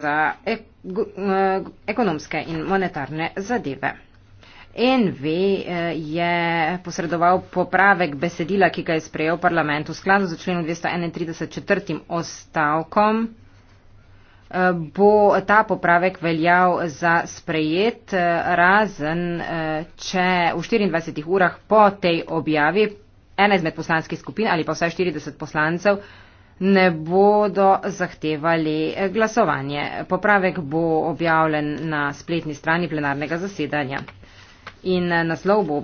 za ek eh, ekonomske in monetarne zadeve. NV eh, je posredoval popravek besedila, ki ga je sprejel parlament v skladu z členom 231.4. ostavkom. Eh, bo ta popravek veljal za sprejet, razen če v 24 urah po tej objavi ena izmed poslanskih skupin ali pa vsaj 40 poslancev ne bodo zahtevali glasovanje. Popravek bo objavljen na spletni strani plenarnega zasedanja. In eh, naslov bo objavljen.